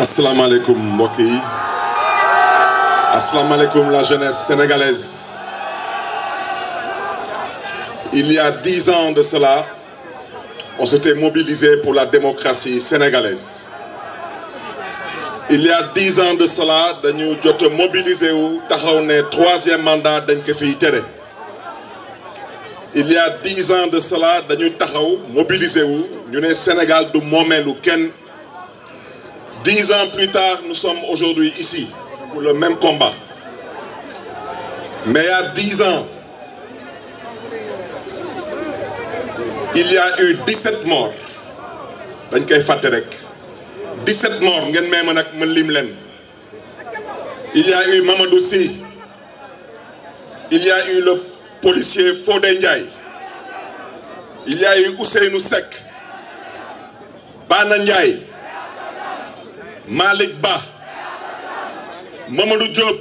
asalaamaaleykum mbokk yi asalaamaaleykum la jeunesse sénégalaise il y a ans de cela on s'était mobilisé pour la démocratie sénégalaise il y a ans de cela dañu jot a mobilisé wu taxaw ne troisième mandat dañ ko fiy tere il y a ans de cela dañu taxaw mobilisé wu ñu ne Sénégal du lu kenn Dix ans plus tard, nous sommes aujourd'hui ici pour le même combat. Mais il y a dix ans, il y a eu 17 morts. dañ koy fàtte rek 17 morts ngeen may ma nag ma lim leen il y a eu Mamadou Sy il y a eu le policier Fodé Ndiaye il y a eu Ousseynou Seck Bana Ndiaye Malick Ba Mamadou Diop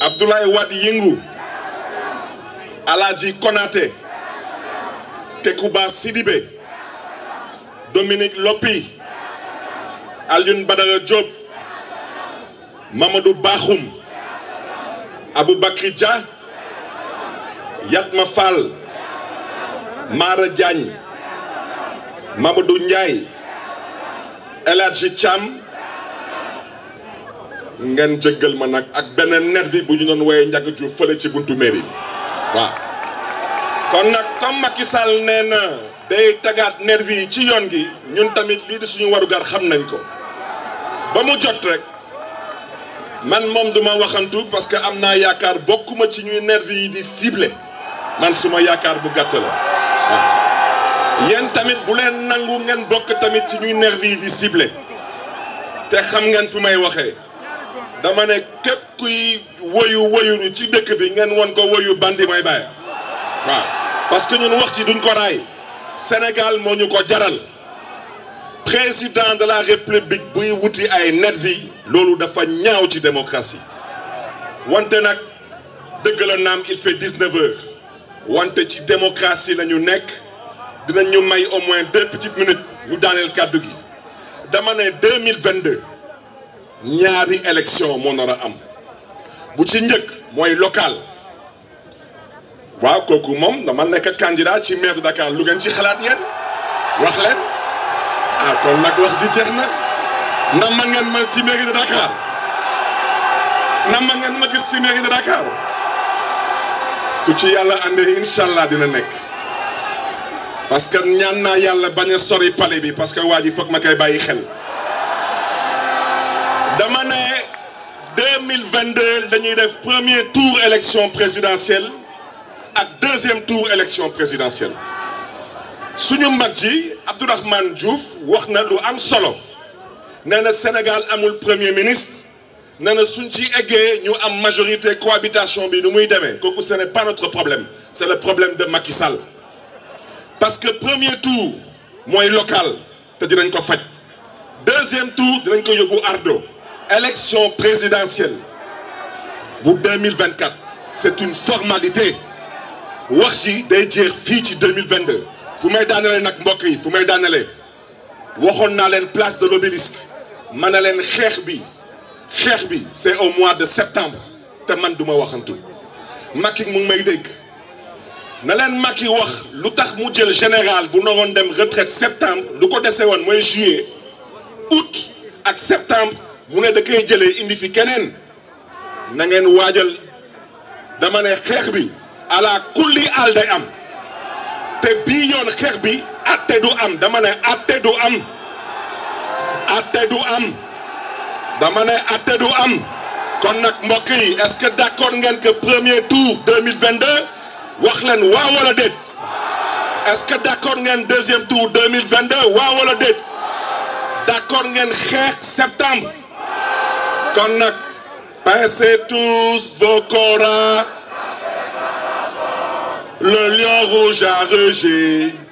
Abdoulaye Wade Yëngu Alaji Konaté Tekouba Sidibé Dominique Lopi Alioune Badara Diop Mamadou Bakhoum Aboubakry Dia Yatma Fall Mara Diagne Mamadou njaay El ci Thiam ngeen jëggal ma nag ak beneen nervi bu ñu doon wooyee njàgg ju fële ci buntu mairie bi waaw kon nag comme Macky Sall nee na day tagaat nervi yi ci yoon gi ñun tamit lii di suñu warugar xam nañ ko ba mu jot rek man moom duma waxantu parce que am naa yaakaar bokkuma ci ñuy nervi yi di ciblé man suma yaakaar bu gàtt la yéen tamit bu leen nangu ngeen bokk tamit ci ñuy nervi yi di ciblé te xam ngeen fi may waxee dama ne képp kuy woyu woyuñu ci dëkk bi ngeen won ko woyu bandi may bàyyi waaw parce que ñun wax ci duñ ko raay Sénégal moo ñu ko jaral président de la république buy wuti ay nervi loolu dafa ñaaw ci démocratie wante nag dëgg la naam il fait wante ci démocratie la ñu nekk dinañ ñu may au moins deux petites minutes mu daaneel kàddu gi dama ne mille vingt deux ñaari élection moo nar a am bu ci njëkk mooy local waaw kooku moom dama nekk candidat ci maire de Dakar lu ngeen ci xalaat yéen wax leen ah kon nag wax ji jeex na na ma ngeen ma ci mairie de Dakar na ma ngeen ma gis ci mairie de Dakar su ci yàlla àndee incha dina nekk. parce que ñaan naa yàlla bañ a sori pale bi parce que waa ji foog ma koy bàyyi xel dama ne 2022 dañuy def premier tour élection présidentielle ak deuxième tour élection présidentielle suñu mag ji Abdourahmane Diouf wax na lu am solo nee na Sénégal amul premier ministre nee na suñ ci eggee ñu am majorité cohabitation bi nu muy demee kooku ce n'est pas notre problème c'est le problème de Macky Sall parce que premier tour mooy local te di dinañ ko faj deuxième tour dinañ ko yóbbu ardo élection présidentielle bu 2024 c'est une formalité wax ji day jeex fii ci 2022 fu may daanalee nag mbokk yi fu may daanalee waxoon naa leen place de l'obélisque ma ne leen xeex bi xeex bi c'est au mois de septembre te man duma waxantu Macky mu ngi may dégg na leen Macky wax lu tax mu jël général bu naroon dem retraite septembre lu ko dese woon mooy juillet août ak septembre mu ne da koy jëlee indi fi keneen na ngeen waajal dama ne xeex bi ala kulli al day am te bii yoon xeex bi atte du am dama ne atte du am atte du am dama ne atte du am kon nag mbokk yi est-ce que d'accord ngeen que premier tour 2022 wax leen waa wala déet est-ce que ngeen deuxième tour deux mille 2022 waa wala déet d'accord ngeen xeex septembre kon nag pincez tous vos koras le lion rouge rugé